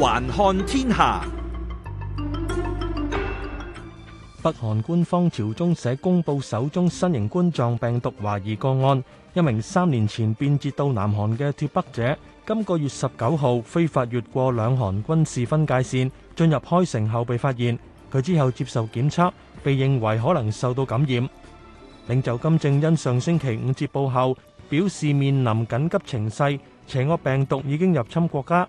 環看天下，北韓官方朝中社公布首宗新型冠狀病毒懷疑個案，一名三年前便捷到南韓嘅脱北者，今個月十九號非法越過兩韓軍事分界線進入開城後被發現，佢之後接受檢測，被認為可能受到感染。領袖金正恩上星期五接報後表示面臨緊急情勢，邪惡病毒已經入侵國家。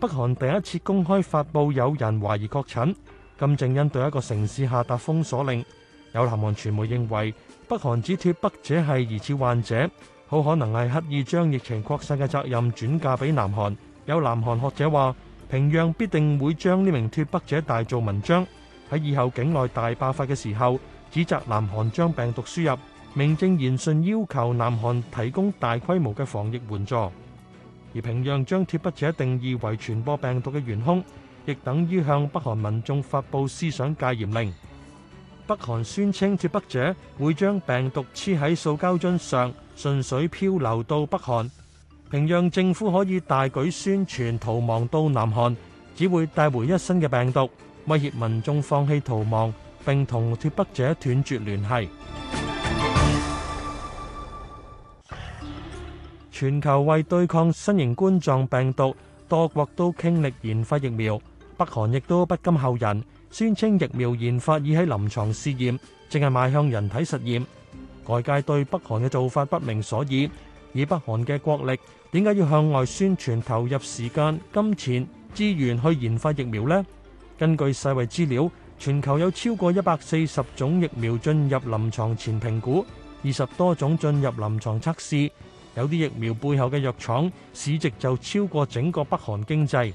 北韓第一次公開發布有人懷疑確診，金正恩對一個城市下達封鎖令。有南韓傳媒認為，北韓指脱北者係疑似患者，好可能係刻意將疫情擴散嘅責任轉嫁俾南韓。有南韓學者話，平壤必定會將呢名脱北者大做文章，喺以後境內大爆發嘅時候，指責南韓將病毒輸入，名正言順要求南韓提供大規模嘅防疫援助。而平壤將脱北者定義為傳播病毒嘅元兇，亦等於向北韓民眾發佈思想戒嚴令。北韓宣稱脱北者會將病毒黐喺塑膠樽上，順水漂流到北韓。平壤政府可以大舉宣傳逃亡到南韓，只會帶回一身嘅病毒，威脅民眾放棄逃亡並同脱北者斷絕聯繫。全球為對抗新型冠狀病毒，多國都傾力研發疫苗。北韓亦都不甘後人，宣稱疫苗研發已喺臨床試驗，淨係邁向人體實驗。外界對北韓嘅做法不明所以，以北韓嘅國力，點解要向外宣傳投入時間、金錢、資源去研發疫苗呢？根據世衞資料，全球有超過一百四十種疫苗進入臨床前評估，二十多種進入臨床測試。有啲疫苗背後嘅藥廠市值就超過整個北韓經濟。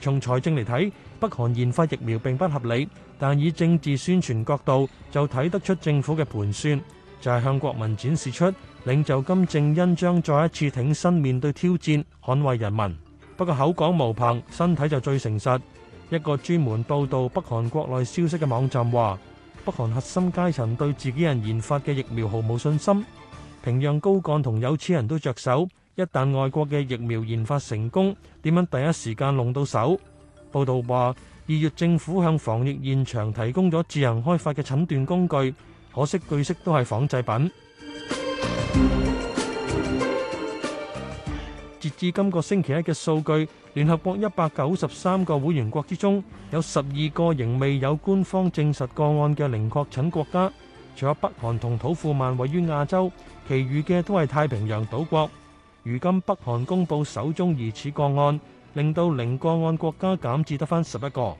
從財政嚟睇，北韓研發疫苗並不合理，但以政治宣傳角度就睇得出政府嘅盤算，就係向國民展示出領袖金正恩將再一次挺身面對挑戰，捍衛人民。不過口講無憑，身體就最誠實。一個專門報道北韓國內消息嘅網站話，北韓核心階層對自己人研發嘅疫苗毫無信心。平壤高幹同有錢人都著手，一旦外國嘅疫苗研發成功，點樣第一時間攞到手？報道話，二月政府向防疫現場提供咗自行開發嘅診斷工具，可惜據悉都係仿製品。截至今個星期一嘅數據，聯合國一百九十三個會員國之中，有十二個仍未有官方證實個案嘅零確診國家。除咗北韓同土庫曼位於亞洲，其餘嘅都係太平洋島國。如今北韓公布首宗疑似個案，令到零個案國家減至得返十一個。